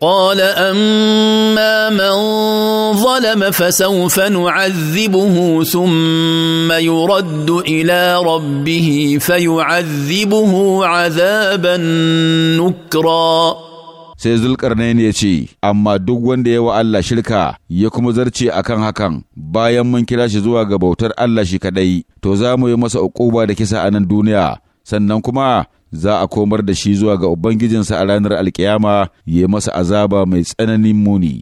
قال اما من ظلم فسوف نعذبه ثم يرد الى ربه فيعذبه عذابا نكرا sai zulkarnain ya ce amma duk wanda ya wa Allah shirka ya kuma zarce akan hakan bayan mun kira shi zuwa ga bautar Allah shi kadai to za mu yi masa ƙuba da kisa a nan duniya sannan kuma za a komar da shi zuwa ga Ubangijinsa a ranar alkiyama ya masa azaba mai tsananin muni.